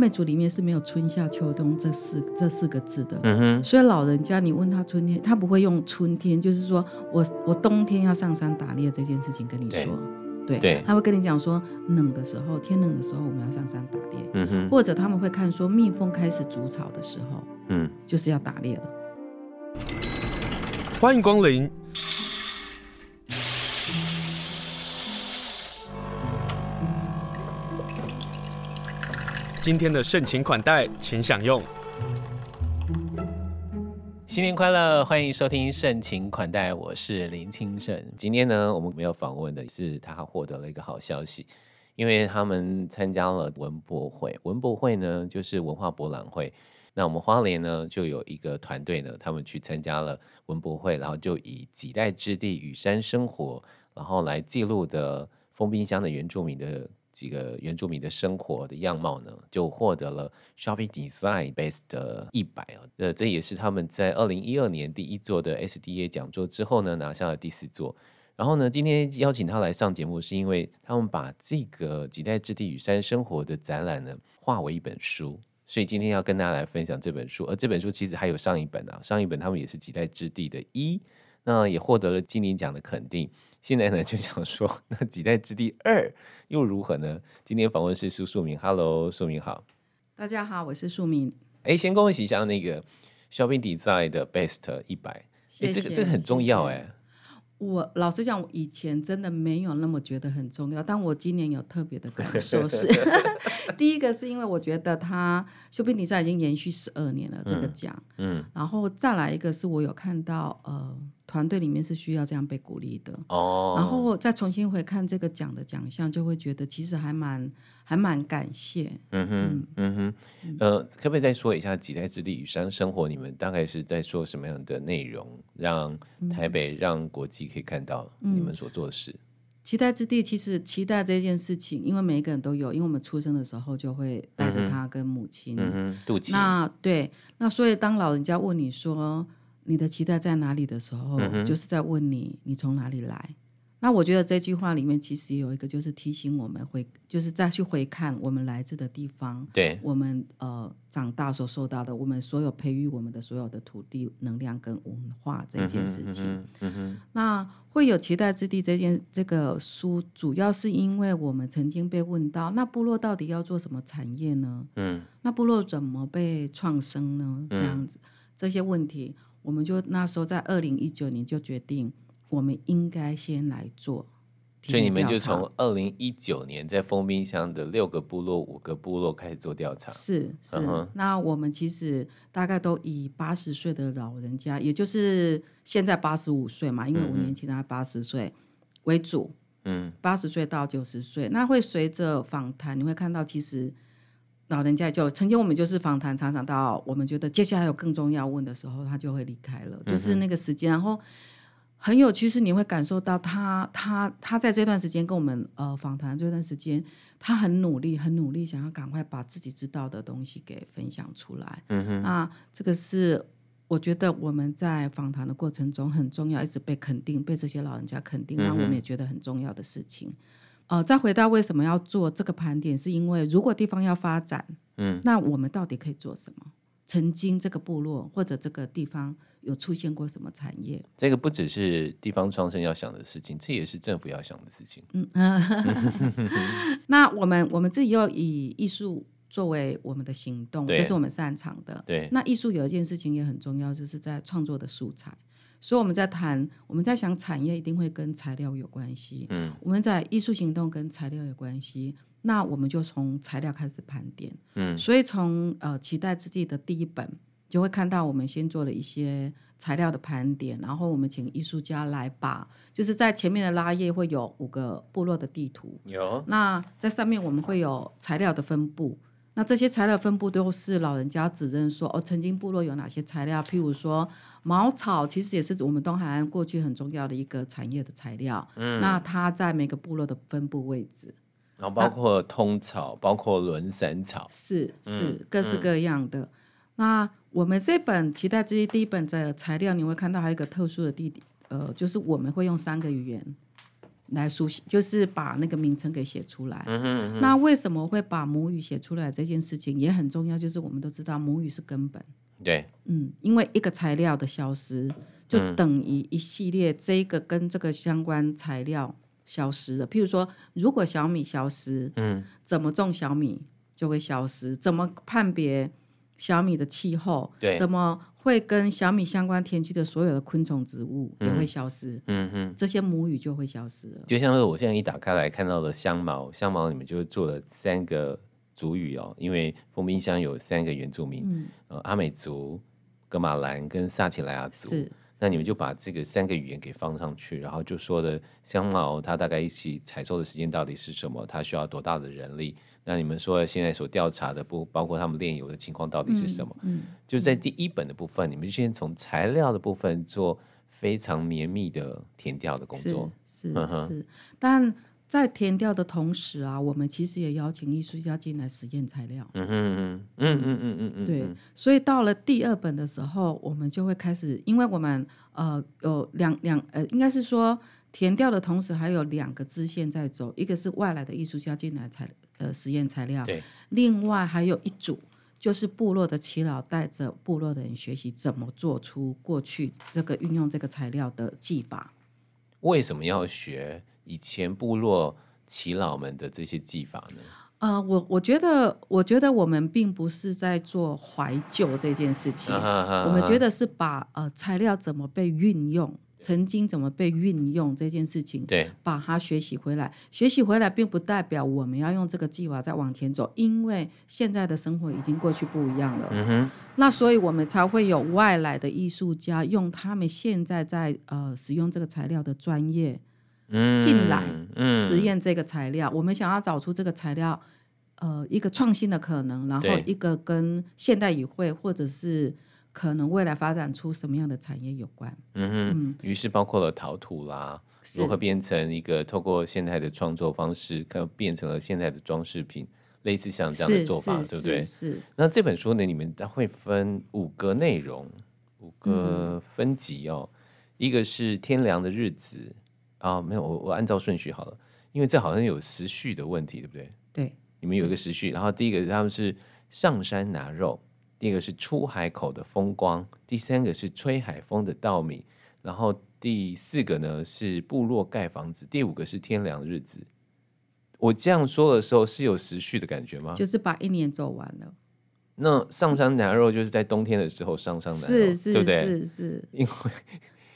民族裡面是沒有春夏秋冬這四這四個字的，嗯哼，所以老人家你問他春天，他不會用春天，就是說我我冬天要上山打獵這件事情跟你說，對，對對他會跟你講說冷的時候，天冷的時候我們要上山打獵，嗯哼，或者他們會看說蜜蜂開始築巢的時候，嗯，就是要打獵了。歡迎光臨。今天的盛情款待，請享用。新年快樂，歡迎收聽《盛情款待》，我是林清盛。今天呢，我們沒有訪問的是他獲得了一個好消息，因為他們參加了文博會。文博會呢，就是文化博覽會。那我們花蓮呢，就有一個團隊呢，他們去參加了文博會，然後就以臍帶之地與山生活，然後來記錄的豐濱鄉的原住民的。幾個原住民的生活的樣貌呢，就獲得了 Shopping Design Best 的一百啊，呃，這也是他們在二零一二年第一座的 SDA 講座之後呢，拿下了第四座。然後呢，今天邀請他來上節目，是因為他們把這個臍帶之地與山生活的展覽呢，化為一本書，所以今天要跟大家來分享這本書。而這本書其實還有上一本啊，上一本他們也是臍帶之地的一，那也獲得了金鼎獎的肯定。現在呢，就想說那臍帶之地二又如何呢？今天訪問是蘇素敏，Hello，素敏好，大家好，我是素敏。哎，先恭喜一下那個 Shopping Design 的 Best 一百，這個這個很重要哎、欸。我老實講，我以前真的沒有那麼覺得很重要，但我今年有特別的感受是， 第一個是因為我覺得他 Shopping Design 已經延續十二年了、嗯、這個獎，嗯，然後再來一個是我有看到呃。團隊裡面是需要這樣被鼓勵的哦，然後再重新回看這個獎的獎項，就會覺得其實還蠻還蠻感謝。嗯哼，嗯哼，呃，可不可以再說一下“臍帶之地”與山生活？你們大概是在說什麼樣的內容，讓台北、嗯、讓國際可以看到你們所做的事、嗯？臍帶之地其實臍帶這件事情，因為每一個人都有，因為我們出生的時候就會帶着他跟母親。嗯哼，肚臍，那對，那所以當老人家問你說。你的臍帶在哪裡的時候，嗯哼，就是在問你，你從哪裡來。那我覺得這句話裡面其實也有一個，就是提醒我們回，就是再去回看我們來自的地方，對，我們呃長大所受到的，我們所有培育我們的所有的土地、能量跟文化這件事情。嗯哼嗯哼嗯哼。那會有臍帶之地這件這個書，主要是因為我們曾經被問到，那部落到底要做什麼產業呢？嗯。那部落怎麼被創生呢？嗯。這樣子這些問題。我們就那時候在二零一九年就決定，我們應該先來做。所以你們就從二零一九年在豐濱鄉的六個部落，五個部落開始做調查？是是，是嗯、哼那我們其實大概都以八十歲的老人家，也就是現在八十五歲嘛，因為五年前大概八十歲為主。嗯，嗯。八十歲到九十歲，那會隨着訪談，你會看到其實。老人家就曾經我們就是訪談，常常到我們覺得接下來有更重要問的時候，他就會離開了，嗯哼，就是那個時間。然後很有趣是你會感受到他他他在這段時間跟我們呃訪談這段時間，他很努力很努力，想要趕快把自己知道的東西給分享出來。嗯哼，那這個是我覺得我們在訪談的過程中很重要，一直被肯定，被這些老人家肯定，讓我們也覺得很重要的事情。嗯呃，再回到為什麼要做這個盤點，是因為如果地方要發展，嗯，那我們到底可以做什麼？曾經這個部落或者這個地方有出現過什麼產業？這個不只是地方創生要想的事情，這也是政府要想的事情。嗯， 那我們我們自己要以藝術作為我們的行動，對這是我們擅長的。對，那藝術有一件事情也很重要，就是在創作的素材。所以我們在談，我們在想產業一定會跟材料有關係。嗯，我們在藝術行動跟材料有關係，那我們就從材料開始盤點。嗯，所以從呃臍帶之地的第一本，就會看到我們先做了一些材料的盤點，然後我們請藝術家來把，就是在前面的拉頁會有五個部落的地圖，嗯、那在上面我們會有材料的分布。那這些材料分布都是老人家指認說哦，曾經部落有哪些材料？譬如說茅草，其實也是我們東海岸過去很重要的一個產業的材料。嗯，那它在每個部落的分布位置，然後包括通草，啊、包括輪傘草，是是、嗯、各式各樣的。嗯、那我們這本《臍帶之地》第一本的材料，你會看到還有一個特殊的地點，呃，就是我們會用三個語言。來書寫，就是把那個名稱給寫出來。嗯、哼哼。那為什麼會把母語寫出來？這件事情也很重要，就是我們都知道母語是根本。對，嗯，因為一個材料的消失，就等於一系列這個跟這個相關材料消失了。嗯、譬如說，如果小米消失，嗯，怎麼種小米就會消失，怎麼判別？小米的氣候，對，怎麼會跟小米相關？田區的所有的昆蟲、植物也會消失，嗯哼，嗯嗯，這些母語就會消失了。就像是我現在一打開來看到的香茅，香茅你們就做了三個族語哦，因為豐濱鄉有三個原住民，嗯、呃，阿美族、噶瑪蘭跟撒奇萊雅族。那你們就把這個三個語言給放上去，然後就說的香茅它大概一起採收的時間到底是什麼，它需要多大的人力？那你們說現在所調查的不包括他們煉油的情況到底是什麼？嗯，嗯就在第一本的部分，嗯、你們先從材料的部分做非常綿密的田調的工作，是是，是 uh huh、但。在田調的同時啊，我們其實也邀請藝術家進來實驗材料。嗯嗯嗯嗯嗯嗯嗯嗯。對，嗯、所以到了第二本的時候，我們就會開始，因為我們呃有兩兩呃，應該是說田調的同時還有兩個支線在走，一個是外來的藝術家進來材呃實驗材料，對，另外還有一組就是部落的耆老帶着部落的人學習怎麼做出過去這個運用這個材料的技法。為什麼要學？以前部落耆老們的這些技法呢？啊、呃，我我覺得，我覺得我們並不是在做懷舊這件事情，啊哈啊啊哈我們覺得是把呃材料怎麼被運用，曾經怎麼被運用這件事情，對，把它學習回來，學習回來並不代表我們要用這個技法再往前走，因為現在的生活已經過去不一樣了。嗯哼，那所以我們才會有外來的藝術家用他們現在在呃使用這個材料的專業。進來實驗這個材料，嗯嗯、我們想要找出這個材料，呃，一個創新的可能，然後一個跟現代語彙，或者是可能未來發展出什麼樣的產業有關。嗯哼，於、嗯嗯、是包括了陶土啦，是如何變成一個透過現代的創作方式，可變成了現代的裝飾品，類似像這樣的做法，對不對？是。是是那這本書呢，你們它會分五個內容，五個分級哦、喔，嗯、一個是天涼的日子。啊、哦，沒有，我我按照順序好了，因為這好像有時序的問題，對不對？對，你們有一個時序。然後第一個他們是上山拿肉，第二個是出海口的風光，第三個是吹海風的稻米，然後第四個呢是部落蓋房子，第五個是天涼日子。我這樣說的時候是有時序的感覺嗎？就是把一年走完了。那上山拿肉就是在冬天的時候上山拿肉，對不對？是是，是因為。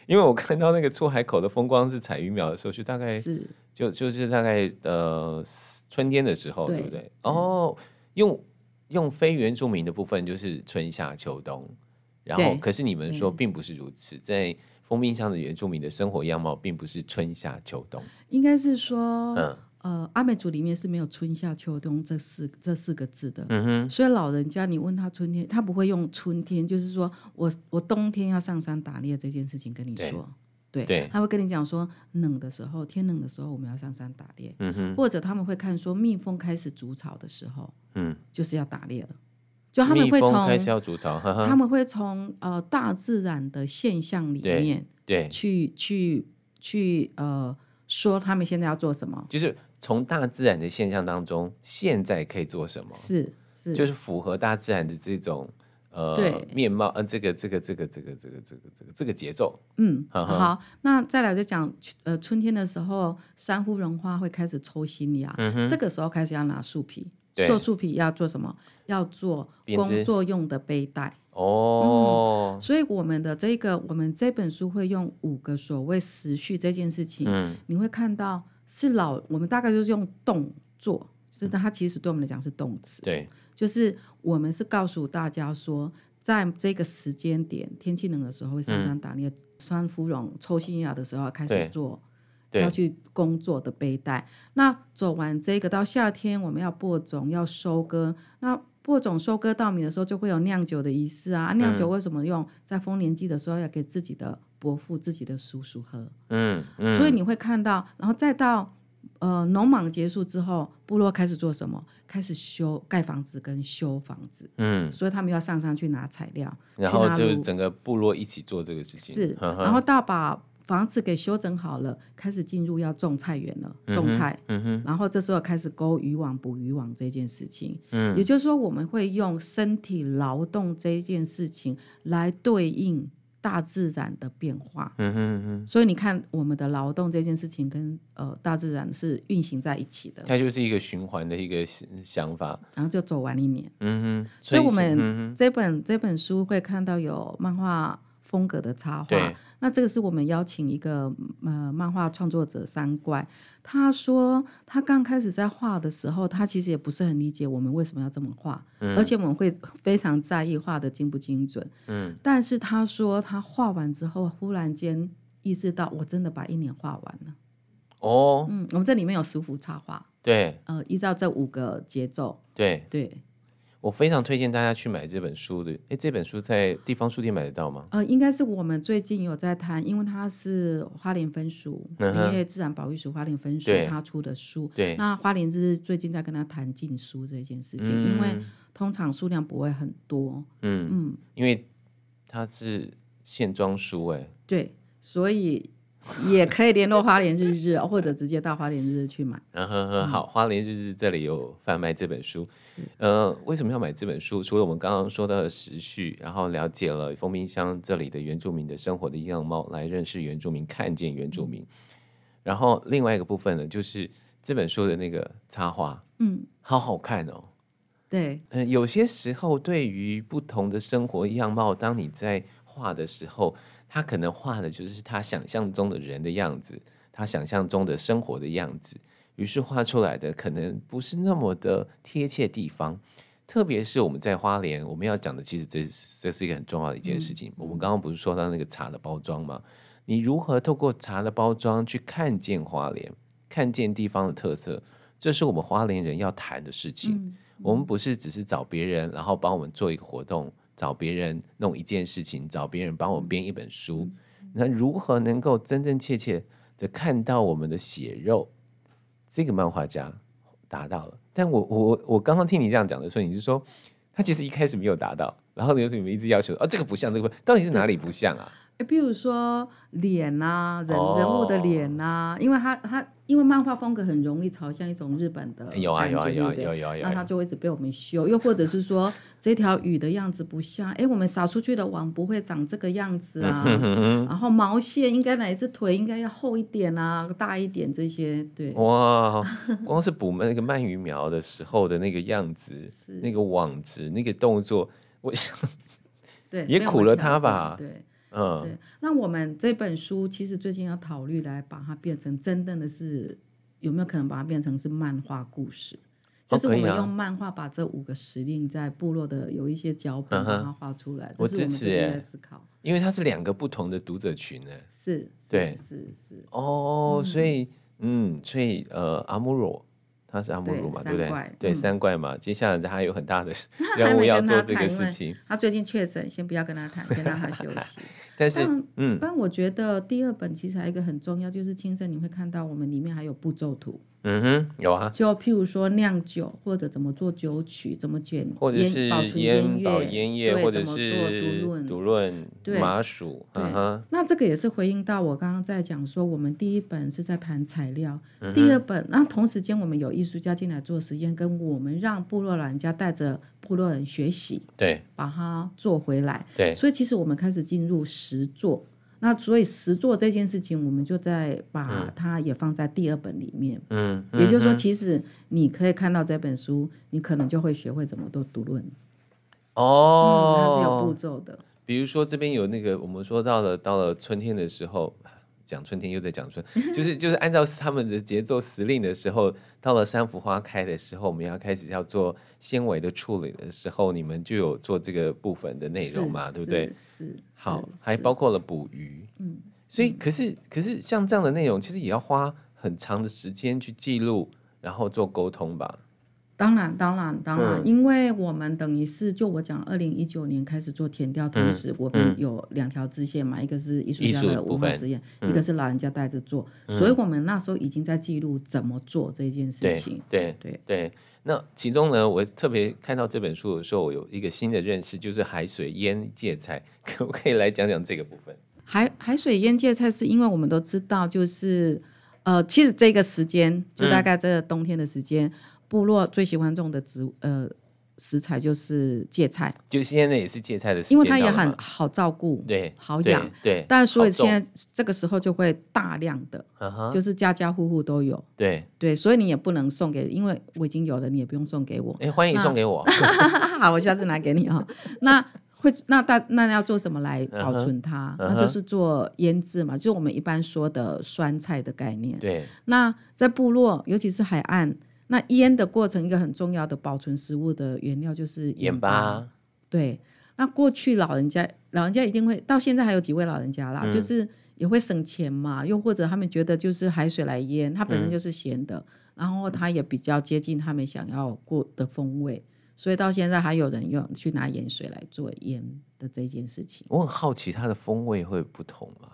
因為我看到那個出海口的風光是採魚苗的時候，就大概是就，就就是大概呃春天的時候，對，對不對？嗯、哦，用用非原住民的部分就是春夏秋冬，然後對可是你們說並不是如此，對在豐濱鄉的原住民的生活樣貌並不是春夏秋冬，應該是說嗯。呃，阿美族裡面是沒有春夏秋冬這四這四個字的，嗯、哼所以老人家你問他春天，他不會用春天，就是說我我冬天要上山打獵這件事情跟你說，對，對對他會跟你講說冷的時候，天冷的時候我們要上山打獵，嗯、哼或者他們會看說蜜蜂開始築巢的時候，嗯，就是要打獵了，就他們會從蜜蜂開始築巢，呵呵他們會從呃大自然的現象裡面對，對去去去呃說他們現在要做什麼，就是。從大自然的現象當中，現在可以做什麼？是，是就是符合大自然的這種呃對面貌，呃，這個這個這個這個這個這個這個這個節奏。嗯，呵呵好，好，那再來就講，呃，春天的時候，山芙蓉花會開始抽新芽，嗯、哼這個時候開始要拿樹皮，對做樹皮要做什麼？要做工作用的背帶。子嗯、哦，所以我們的這個，我們這本書會用五個所謂時序這件事情，嗯、你會看到。是老，我們大概就是用動作，就是、嗯、它其實對我們來講是動詞。對，就是我們是告訴大家說，在這個時間點，天氣冷的時候會上山打獵，穿、嗯、芙蓉抽新芽的時候開始做，對要去工作的背帶。對那做完這個，到夏天我們要播種，要收割。那播種、收割稻米的時候，就會有釀酒的儀式啊。釀、啊、酒為什麼用？在豐年祭的時候，要給自己的。嗯伯父自己的叔叔喝，嗯、嗯，所以你會看到，然後再到呃農忙結束之後，部落開始做什麼？開始修蓋房子跟修房子，嗯，所以他們要上山去拿材料，然後就整個部落一起做這個事情。是，呵呵，然後到把房子給修整好了，開始進入要種菜園了，種菜。嗯哼、然後這時候開始勾漁網、捕漁網這件事情。嗯，也就是說，我們會用身體勞動這件事情來對應，大自然的變化，嗯哼哼、嗯，所以你看我們的勞動這件事情跟呃大自然是運行在一起的，它就是一個循環的一個想法，然後就走完一年，嗯哼，所以我們這本、嗯、哼這本書會看到有漫畫風格的插畫，對那這個是我們邀請一個呃漫畫創作者三怪，他說他剛開始在畫的時候，他其實也不是很理解我們為什麼要這麼畫，嗯，而且我們會非常在意畫的精不精準，嗯，但是他說他畫完之後，忽然間意識到我真的把一年畫完了，哦，嗯，我們這裡面有十幅插畫，對，呃，依照這五個節奏，對，對。我非常推薦大家去買這本書的。哎，這本書在地方書店買得到嗎？呃，應該是我們最近有在談，因為它是花蓮分署，因為、嗯、哼林業自然保育署花蓮分署對他出的書。對，那花蓮是最近在跟他談禁書這件事情，嗯、因為通常數量不會很多。嗯嗯，嗯因為它是線裝書、欸，哎，對，所以。 也可以聯絡花蓮日日， 或者直接到花蓮日日去買。Uh huh、huh, 嗯，很好，花蓮日日這裡有販賣這本書。嗯是、呃，為什麼要買這本書？除了我們剛剛說到的時序，然後了解了豐濱鄉這裡的原住民的生活的樣貌，來認識原住民，看見原住民。然後另外一個部分呢，就是這本書的那個插畫，嗯，好好看哦。對，嗯、呃，有些時候對於不同的生活樣貌，當你在畫的時候。他可能畫的就是他想象中的人的樣子，他想象中的生活的樣子，於是畫出來的可能不是那麼的貼切地方。特別是我們在花蓮，我們要講的其實這是這是一個很重要的一件事情。嗯、我們剛剛不是說到那個茶的包裝嗎？你如何透過茶的包裝去看見花蓮，看見地方的特色？這是我們花蓮人要談的事情。嗯、我們不是只是找別人，然後幫我們做一個活動。找別人弄一件事情，找別人幫我編一本書，那、嗯、如何能夠真真切切的看到我們的血肉？這個漫畫家達到了。但我我我剛剛聽你這樣講的時候，你就說他其實一開始沒有達到，然後你就一直要求？啊、哦，這個不像，這個不，到底是哪裡不像啊？比如說臉吶、啊，人、oh. 人物的臉吶、啊，因為他他因為漫畫風格很容易朝向一種日本的有啊有啊有啊有有，那他就會一直被我們修，又或者是說 這條魚的樣子不像，哎，我們撒出去的網不會長這個樣子啊。 嗯、哼哼哼，然後毛線應該哪隻腿應該要厚一點啊，大一點這些對。哇，wow, 光是捕那個鰻魚苗的時候的那個樣子， 是那個網子，那個動作，我， 對，也苦了他吧。對嗯，對，那我們這本書其實最近要考慮來把它變成真正的，是有沒有可能把它變成是漫畫故事，就是我們用漫畫把這五個時令在部落的有一些腳本，把它畫出來，哦啊、這是我支在思考，因為它是兩個不同的讀者群呢對，是，是，是是，哦，嗯、所以，嗯，所以，呃，阿木魯。他是阿姆魯嘛，對，對不對？怪對，嗯，三怪嘛。接下來他還有很大的任務要做這個事情。他，他最近確診，先不要跟他談，先讓他休息。 但是，但嗯，我覺得第二本其實還有一個很重要，就是親身。你會看到我們裡面還有步驟圖。嗯哼，有啊，就譬如說釀酒或者怎麼做酒麴，怎麼卷，或者是煙、煙、保存葉，對，怎麼做獨論、讀論對、麻薯，對嗯哼。那這個也是回應到我剛剛在講說，我們第一本是在談材料，嗯、哼第二本，那同時間我們有藝術家進來做實驗，跟我們讓部落老人家帶着部落人學習，對，把它做回來，對。所以其實我們開始進入實作。那所以實做這件事情，我們就在把它也放在第二本裡面。嗯，也就是說，其實你可以看到這本書，嗯、你可能就會學會怎麼讀讀論。哦、嗯，它是有步驟的。比如說，這邊有那個，我們說到了到了春天的時候。講春天又在講春，就是就是按照他們的節奏時令的時候，到了三伏花開的時候，我們要開始要做纖維的處理的時候，你們就有做這個部分的內容嘛，是對不對？是，是好，是還包括了捕魚，嗯，所以可是可是像這樣的內容，其實也要花很長的時間去記錄，然後做溝通吧。當然，當然，當然，因為我們等於是就我講，二零一九年開始做田調同時、嗯、我們有兩條支線嘛，嗯、一個是藝術家的文化實驗，一個是老人家帶着做，嗯、所以我們那時候已經在記錄怎麼做這件事情。嗯、對對對,對，那其中呢，我特別看到這本書的時候，我有一個新的認識，就是海水醃芥菜，可不可以來講講這個部分？海海水醃芥菜是因為我們都知道，就是。呃，其實這個時間就大概這個冬天的時間，部落最喜歡種的植物呃食材就是芥菜，就現在也是芥菜的時間。因為它也很好照顧，對，好養，對。但所以現在這個時候就會大量的，就是家家戶戶都有。對對，所以你也不能送給，因為我已經有了，你也不用送給我。哎，歡迎送給我，好，我下次拿給你啊。那。會那大那，那要做什麼來保存它？Uh huh, uh huh、那就是做醃製嘛，就是我們一般說的酸菜的概念。對，那在部落，尤其是海岸，那醃的過程一個很重要的保存食物的原料就是鹽巴。鹽巴對，那過去老人家，老人家一定會到現在還有幾位老人家啦，嗯、就是也會省錢嘛，又或者他們覺得就是海水來醃，它本身就是鹹的，嗯、然後它也比較接近他們想要過的風味。所以到現在還有人用去拿鹽水來做醃的這件事情，我很好奇它的風味會不同嗎？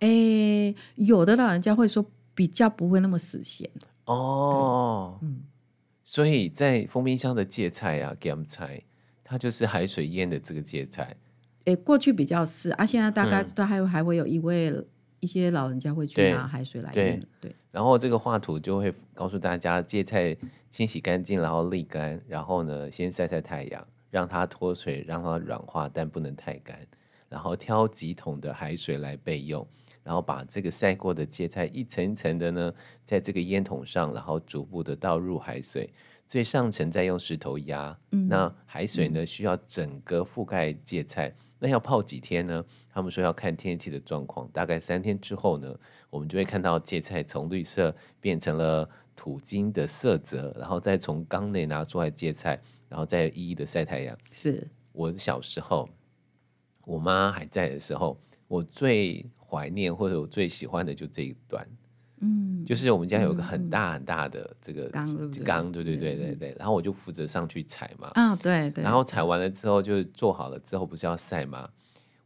誒、欸，有的老人家會說比較不會那麼死鹹哦，嗯、所以在豐濱鄉的芥菜啊、芥們菜，它就是海水醃的這個芥菜，誒、欸，過去比較是，啊，現在大概都還、嗯、還會有一位。一些老人家會去拿海水來用，對，對。對，然後這個畫圖就會告訴大家，芥菜清洗乾淨，然後瀝乾，然後呢先曬晒太陽，讓它脫水，讓它軟化，但不能太乾。然後挑幾桶的海水來備用，然後把這個曬過的芥菜一層一層的呢，在這個煙筒上，然後逐步的倒入海水，最上層再用石頭壓。嗯、那海水呢，嗯、需要整個覆蓋芥菜。那要泡幾天呢？他們說要看天氣的狀況，大概三天之後呢，我們就會看到芥菜從綠色變成了土金的色澤，然後再從缸內拿出來芥菜，然後再一一的曬太陽。是。我小時候，我媽還在的時候，我最懷念或者我最喜歡的就這一段。嗯，就是我們家有一個很大很大的這個、嗯嗯、缸，是是缸，對對對、嗯、對對對，然後我就負責上去採嘛。啊，對對、對。然後採完了之後就做好了，之後不是要曬嗎？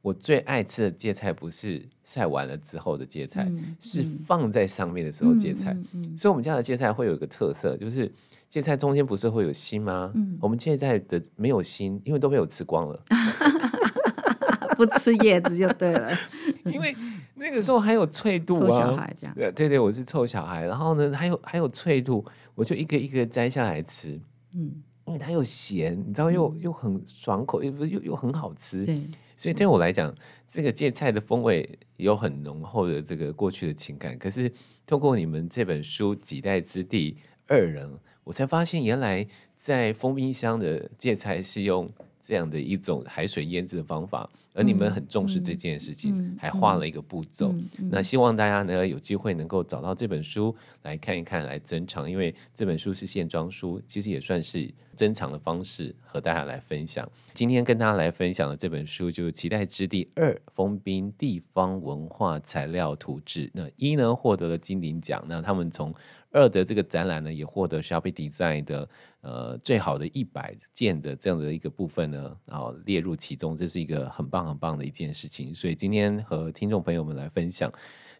我最愛吃的芥菜不是曬完了之後的芥菜，嗯嗯、是放在上面的時候的芥菜。嗯嗯嗯嗯、所以，我們家的芥菜會有一個特色，就是芥菜中間不是會有心嗎？嗯、我們芥菜的沒有心，因為都被我吃光了。嗯、 不吃葉子就對了。 因為那個時候還有脆度啊，對對，我是臭小孩。然後呢，還有還有脆度，我就一個一個摘下來吃。嗯，因為它又鹹，你知道，又又很爽口，嗯、又又，又很好吃。對，所以對我來講，嗯、這個芥菜的風味有很濃厚的這個過去的情感。可是透過你們這本書《臍帶之地二人》，我才發現原來在封冰箱的芥菜是用這樣的一種海水醃製的方法，而你們很重視這件事情，嗯嗯、還畫了一個步驟。嗯嗯、那希望大家呢，有機會能夠找到這本書來看一看，來珍藏，因為這本書是線裝書，其實也算是珍藏的方式和大家來分享。今天跟大家來分享的這本書就是《臍帶之地二：豐濱地方文化材料圖誌》，那一呢獲得了金鼎獎，那他們從二的這個展覽呢也獲得 Shopping Design 的呃最好的一百件的這樣的一個部分呢，然後列入其中，這是一個很棒。很棒的一件事情，所以今天和聽眾朋友們來分享。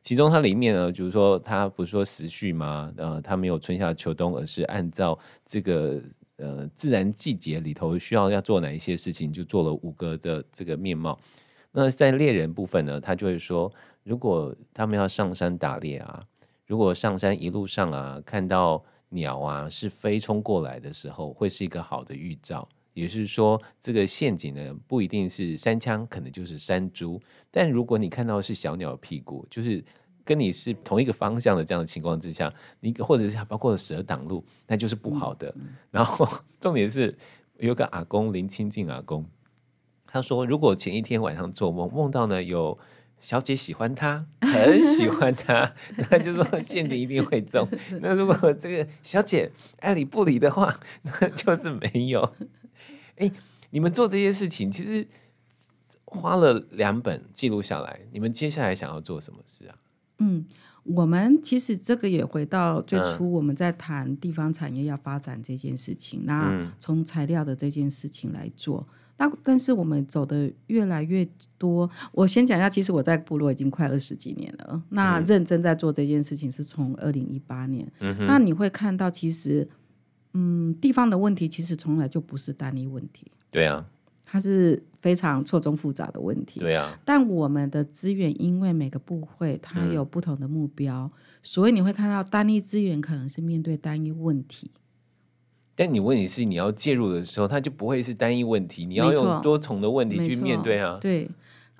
其中它裡面呢，就是說它不是說時序嗎？呃，它沒有春夏秋冬，而是按照這個呃自然季節裡頭需要要做哪一些事情，就做了五個的這個面貌。那在獵人部分呢，他就會說，如果他們要上山打獵啊，如果上山一路上啊，看到鳥啊，是飛衝過來的時候，會是一個好的預兆。也是說，這個陷阱呢，不一定是山羌，可能就是山豬。但如果你看到是小鳥屁股，就是跟你是同一個方向的這樣的情況之下，你或者是包括蛇擋路，那就是不好的。嗯嗯、然後重點是有個阿公林清淨阿公，他說，如果前一天晚上做夢，夢到呢有小姐喜歡他，很喜歡他， 那就說陷阱一定會中。那如果這個小姐愛理不理的話，那就是沒有。 哎，你們做這些事情，其實花了兩本記錄下來。你們接下來想要做什麼事啊？嗯，我們其實這個也回到最初我們在談地方產業要發展這件事情。嗯、那從材料的這件事情來做，那但是我們走的越來越多。我先講一下，其實我在部落已經快二十幾年了。那認真在做這件事情是從二零一八年。嗯、哼那你會看到，其實。嗯，地方的問題其實從來就不是單一問題。對啊，它是非常錯綜複雜的問題。對啊，但我們的資源，因為每個部會它有不同的目標，嗯、所以你會看到單一資源可能是面對單一問題。但你問題是你要介入的時候，它就不會是單一問題，你要用多重的問題去面對啊。對。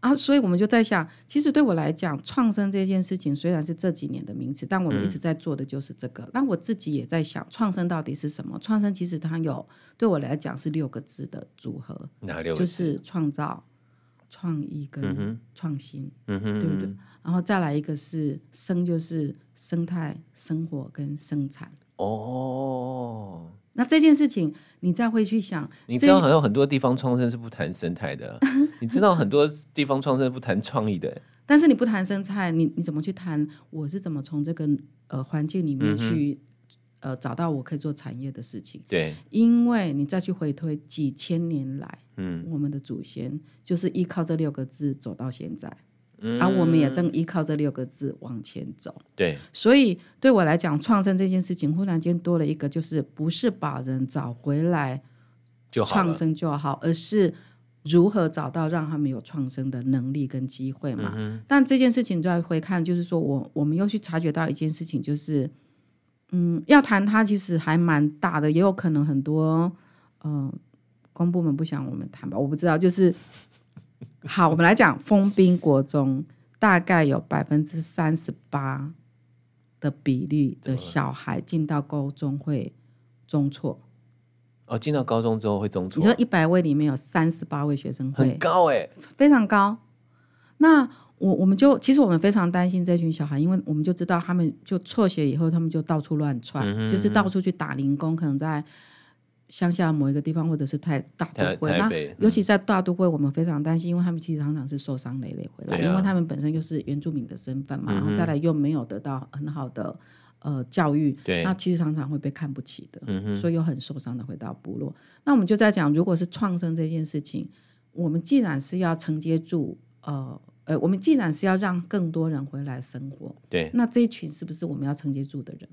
啊，所以我們就在想，其實對我來講，創生這件事情雖然是這幾年的名詞，但我們一直在做的就是這個。嗯。但我自己也在想，創生到底是什麼？創生其實它有，對我來講是六個字的組合，哪六個？就是創造、創意跟創新，嗯哼，對不對？然後再來一個是生，就是生態、生活跟生產。哦。那這件事情，你再回去想，你知道，很多地方創生是不談生態的， 你知道，很多地方創生是不談創意的。但是你不談生態，你你怎麼去談？我是怎麼從這個呃環境裡面去、嗯、哼呃找到我可以做產業的事情？對，因為你再去回推幾千年來，嗯，我們的祖先就是依靠這六個字走到現在。而、嗯啊、我們也正依靠這六個字往前走。對，所以對我來講，創生這件事情，忽然間多了一個，就是不是把人找回來，創生就好，就好，而是如何找到讓他們有創生的能力跟機會嘛。嗯、哼但這件事情，再回看，就是說我我們又去察覺到一件事情，就是，嗯，要談它其實還蠻大的，也有可能很多，嗯、呃，公部門不想我們談吧，我不知道，就是。 好，我們來講豐濱國中，大概有百分之三十八的比率的小孩進到高中會中輟。哦，進到高中之後會中輟。你說一百位裡面有三十八位學生會，很高哎，欸，非常高。那我我們就其實我們非常擔心這群小孩，因為我們就知道他們就輟學以後，他們就到處亂竄，嗯嗯，就是到處去打零工，可能在。鄉下某一個地方，或者是太大都會，那尤其在大都會，我們非常擔心，嗯、因為他們其實常常是受傷累累回來，啊、因為他們本身又是原住民的身份嘛，嗯嗯然後再來又沒有得到很好的呃教育，對那其實常常會被看不起的，嗯、哼所以又很受傷的回到部落。那我們就在講，如果是創生這件事情，我們既然是要承接住，呃呃，我們既然是要讓更多人回來生活，對，那這一群是不是我們要承接住的人？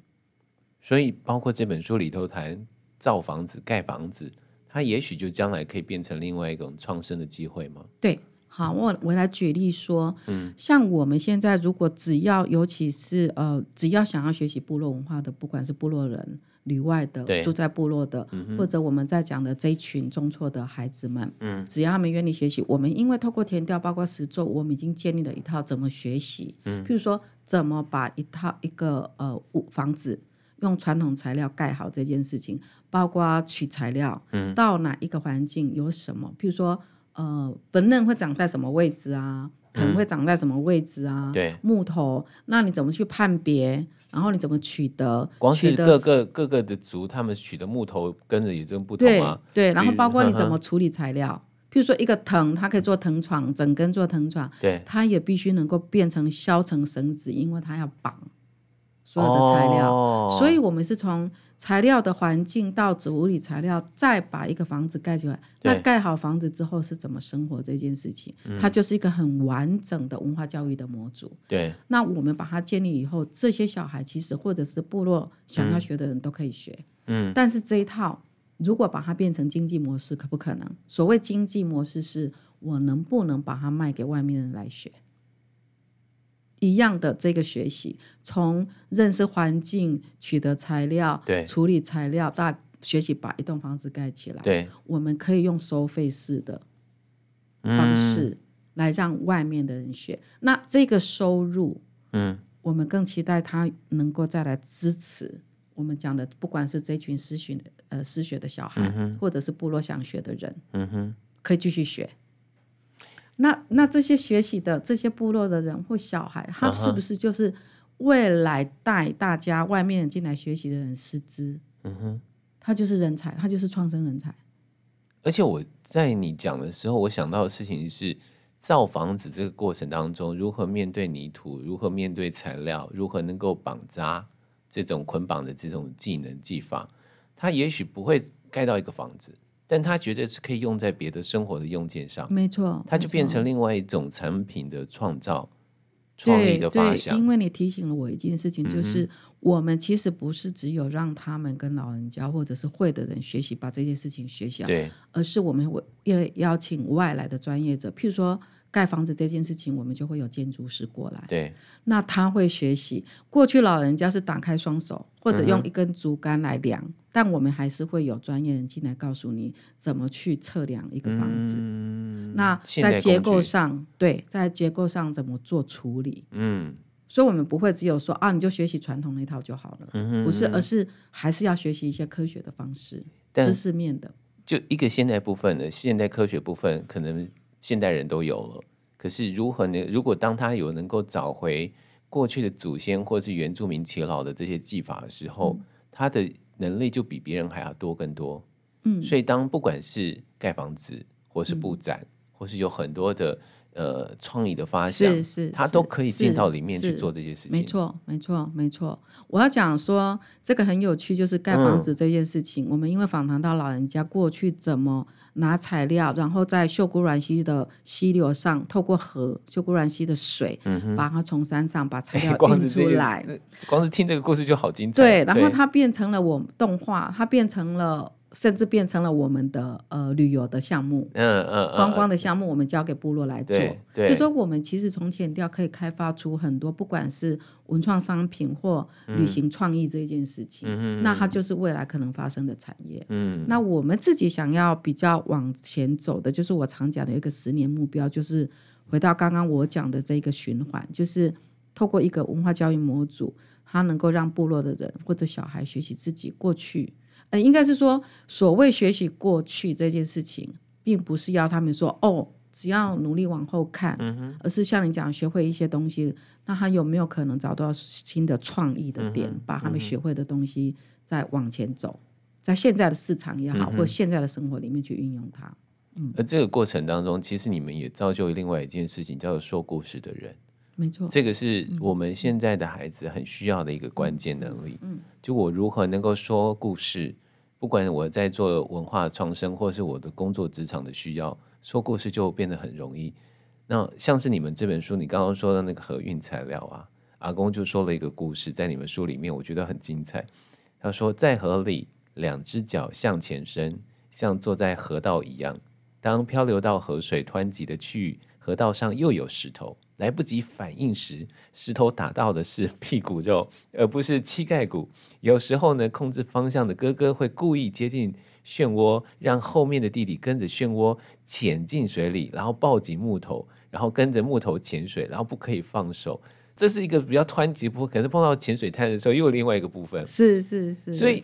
所以包括這本書裡頭談。造房子、蓋房子，它也許就將來可以變成另外一種創生的機會嗎？對，好，我我來舉例說，嗯，像我們現在如果只要，尤其是呃，只要想要學習部落文化的，不管是部落人旅外的，對住在部落的，嗯、哼或者我們在講的這一群中輟的孩子們，嗯，只要他們願意學習，我們因為透過田調、包括實作，我們已經建立了一套怎麼學習，嗯，譬如說怎麼把一套一個呃屋房子，用傳統材料蓋好這件事情，包括取材料，嗯、到哪一個環境有什麼？譬如說，呃，本嫩會長在什麼位置啊？藤會長在什麼位置啊？嗯、木頭，對那你怎麼去判別？然後你怎麼取得？光取各個，取得各，個各個的族他們取的木頭，跟着有這個不同嗎、啊？對如然後包括你怎麼處理材料？譬、嗯、如說一個藤，它可以做藤床，嗯、整根做藤床，對，它也必須能夠變成削成繩子，因為它要綁。所有的材料，oh, 所以我們是從材料的環境到處理材料，再把一個房子蓋起來。對那蓋好房子之後是怎麼生活這件事情，嗯，它就是一個很完整的文化教育的模組。對，那我們把它建立以後，這些小孩其實或者是部落想要學的人都可以學。嗯，但是這一套如果把它變成經濟模式，可不可能？所謂經濟模式是我能不能把它賣給外面人來學？一樣的這個學習，從認識環境、取得材料、對處理材料到學習把一棟房子蓋起來，對，我們可以用收費式的方式來讓外面的人學。嗯、那這個收入，嗯，我們更期待他能夠再來支持我們講的，不管是這群失學呃失學的小孩，嗯哼，或者是部落想學的人，嗯哼，可以繼續學。那那這些學習的這些部落的人或小孩，他是不是就是未來帶大家外面進來學習的人師資？嗯哼，他就是人才，他就是創生人才。而且我在你講的時候，我想到的事情是，造房子這個過程當中，如何面對泥土，如何面對材料，如何能夠綁紮這種捆綁的這種技能技法，他也許不會蓋到一個房子，但他覺得是可以用在別的生活的用件上，沒錯錯，他就變成另外一種產品的創造，創錯意的發想。因為你提醒了我一件事情，就是我們其實不是只有讓他們跟老人家或者是會的人學習把這件事情學習，對，而是我們要邀請外來的專業者，譬如說。蓋房子這件事情，我們就會有建築師過來。對，那他會學習過去老人家是打開雙手或者用一根竹竿來量，嗯、哼但我們還是會有專業人進來告訴你怎麼去測量一個房子。嗯，那在結構上，對，在結構上怎麼做處理？嗯，所以我們不會只有說啊，你就學習傳統那套就好了，嗯、哼不是，而是還是要學習一些科學的方式，但知識面的。就一個現代部分的現代科學部分，可能。現代人都有了，可是如何呢？如果當他有能夠找回過去的祖先或是原住民耆老的這些技法的時候，嗯、他的能力就比別人還要多更多。嗯、所以當不管是蓋房子，或是布展，嗯、或是有很多的。呃，創意的發現是是，是他都可以進到裡面是去做這些事情。沒錯，沒錯，沒錯。我要講說這個很有趣，就是蓋房子這件事情。嗯、我們因為訪談到老人家過去怎麼拿材料，然後在秀姑巒溪的溪流上，透過河秀姑巒溪的水，嗯、哼把它從山上把材料運出來光。光是聽這個故事就好精彩。對，然後它變成了我們動畫，它變成了。甚至變成了我們的呃旅遊的項目，嗯，觀光的項目我們交給部落來做。對對，就說我們其實從田調可以開發出很多，不管是文創商品或旅行創意這一件事情，嗯、那它就是未來可能發生的產業。嗯、那我們自己想要比較往前走的，嗯、就是我常講的一個十年目標，就是回到剛剛我講的這一個循環，就是透過一個文化教育模組，它能夠讓部落的人或者小孩學習自己過去。應該是說，所謂學習過去這件事情，並不是要他們說哦，只要努力往後看，嗯、哼而是像你講，學會一些東西，那他有沒有可能找到新的創意的點，嗯、哼把他們學會的東西再往前走，嗯、哼在現在的市場也好，嗯、哼或現在的生活裡面去運用它。嗯，而這個過程當中，其實你們也造就另外一件事情，叫做說故事的人。沒錯，這個是我們現在的孩子很需要的一個關鍵能力。嗯，就我如何能夠說故事，不管我在做文化創生，或是我的工作職場的需要，說故事就變得很容易。那像是你們這本書，你剛剛說的那個河運材料啊，阿公就說了一個故事，在你們書裡面，我覺得很精彩。他說，在河裡，兩隻腳向前伸，像坐在河道一樣，當漂流到河水湍急的區域，河道上又有石頭，來不及反應時，石頭打到的是屁股肉，而不是膝蓋骨。有時候呢，控制方向的哥哥會故意接近漩渦，讓後面的弟弟跟着漩渦潛進水裡，然後抱緊木頭，然後跟着木頭潛水，然後不可以放手。這是一個比較湍急不可能是碰到淺水灘的時候，又有另外一個部分，是是是。所以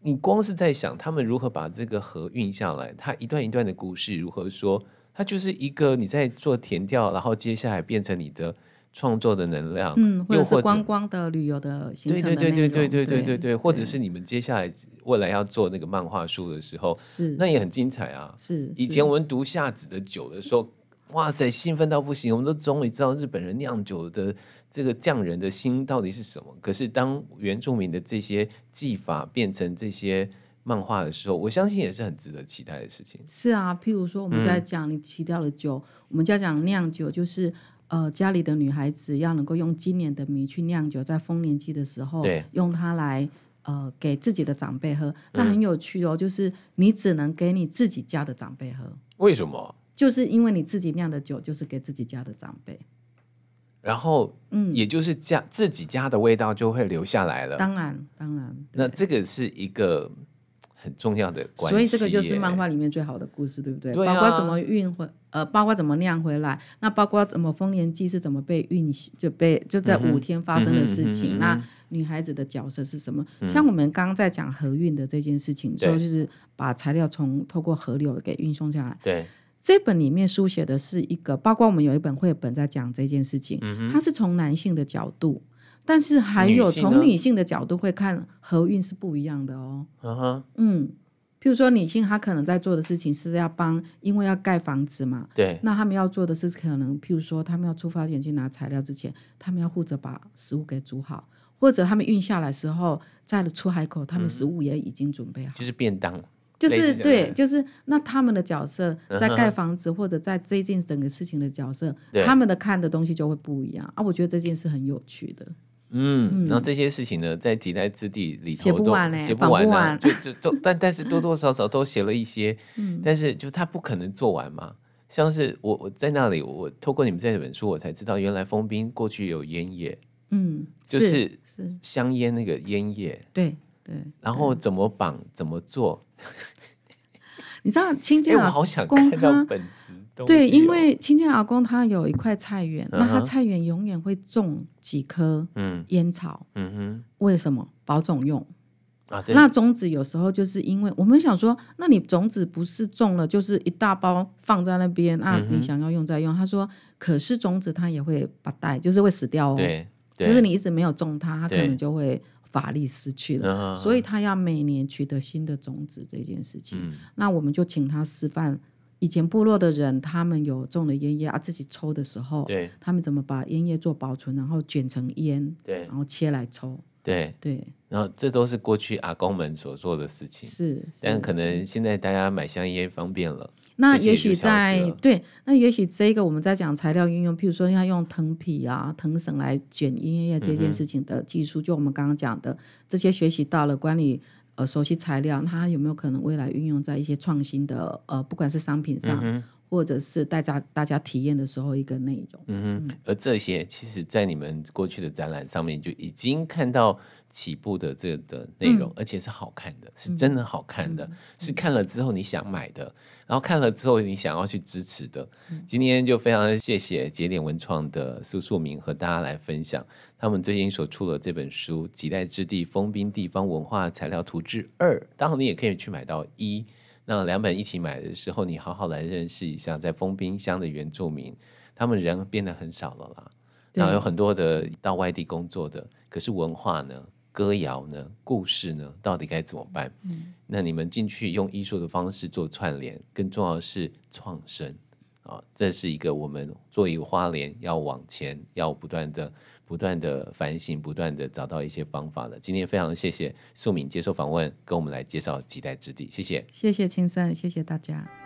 你光是在想他們如何把這個河運下來，他一段一段的故事如何說。它就是一個你在做田調，然後接下來變成你的創作的能量，嗯，又或者是觀光的旅遊的,行程的，對對對對,對對對對對對對對對，對對對或者是你們接下來未來要做那個漫畫書的時候，是那也很精彩啊。是以前我們讀夏子的酒的時候，是哇塞，興奮到不行，我們都終於知道日本人釀酒的這個匠人的心到底是什麼。可是當原住民的這些技法變成這些。漫畫的時候，我相信也是很值得期待的事情。是啊，譬如說我們在講你提到了酒，嗯、我們家講釀酒就是，呃，家裡的女孩子要能夠用今年的米去釀酒，在豐年祭的時候用她，用它來呃給自己的長輩喝。那很有趣哦，嗯、就是你只能給你自己家的長輩喝。為什麼？就是因為你自己釀的酒就是給自己家的長輩，然後嗯，也就是家自己家的味道就會留下來了。當然，當然，那這個是一個。很重要的關係，欸，所以這個就是漫畫裡面最好的故事，對不對？對啊，包括怎麼運回，呃，包括怎麼釀回來，那包括怎麼《豐年祭》是怎麼被運，就被就在五天發生的事情。嗯嗯嗯，那女孩子的角色是什麼？嗯，像我們剛剛在講河運的這件事情，說、嗯、就，就是把材料從透過河流給運送下來。對，這本裡面書寫的是一個，包括我們有一本繪本在講這件事情，嗯，哼它是從男性的角度。但是還有女從女性的角度會看合運是不一樣的哦。Uh huh. 嗯譬如說女性她可能在做的事情是要幫，因為要蓋房子嘛。對。那她們要做的是可能譬如說她們要出發前去拿材料之前，她們要負責把食物給煮好，或者她們運下來時候在了出海口，她們食物也已經準備好，嗯、就是便當，就是對，就是那她們的角色在蓋房子、uh huh. 或者在這件整個事情的角色，她、uh huh. 們的看的東西就會不一樣對啊。我覺得這件事很有趣的。嗯，嗯然後這些事情呢，在幾代之地裡頭都寫不完嘞，啊不，就就但但是多多少少都寫了一些，嗯、但是就他不可能做完嘛。像是我我在那裡，我透過你們這本書，我才知道原來封冰過去有菸葉，嗯，就是香菸那個菸葉，對對。然後怎麼綁，怎麼做？你知道清，啊欸，我好想看到本子。哦、對，因為親戚阿公他有一塊菜園，嗯、哼那他菜園永遠會種幾棵菸草。嗯，嗯哼，為什麼保種用？啊、那種子有時候就是因為我們想說，那你種子不是種了，就是一大包放在那邊啊，嗯、哼你想要用再用。他說，可是種子它也會把帶，就是會死掉哦。對，對就是你一直沒有種它，它可能就會法力失去了。嗯、哼所以他要每年取得新的種子這件事情。嗯、那我們就請他示範。以前部落的人，他們有種的菸葉啊，自己抽的時候，對他們怎麼把菸葉做保存，然後卷成菸，對，然後切來抽。對對，對然後這都是過去阿公們所做的事情。是，是但可能現在大家買香菸方便了。也了那也許在對，那也許這個我們在講材料運用，譬如說要用藤皮啊、藤繩來卷菸葉這件事情的技術，嗯、哼就我們剛剛講的這些學習到了管理。呃，熟悉材料，那它有沒有可能未來運用在一些創新的呃，不管是商品上。嗯或者是大大大家體驗的時候一個內容，嗯哼，而這些其實，在你們過去的展覽上面就已經看到起步的這個的內容，嗯、而且是好看的，是真的好看的，嗯、是看了之後你想買的，嗯、然後看了之後你想要去支持的。嗯、今天就非常謝謝節點文創的蘇素敏和大家來分享他們最近所出的這本書《臍帶之地豐濱地方文化材料圖誌二》，當然你也可以去買到一。那兩本一起買的時候，你好好來認識一下在豐濱鄉的原住民，他們人變得很少了啦。對然後有很多的到外地工作的，可是文化呢、歌謠呢、故事呢，到底該怎麼辦？嗯、那你們進去用藝術的方式做串聯，更重要的是創生啊，這是一個我們做一個花蓮要往前要不斷的。不斷的反省，不斷的找到一些方法的。今天非常謝謝素敏接受訪問，跟我們來介紹臍帶之地。謝謝，謝謝清盛，謝謝大家。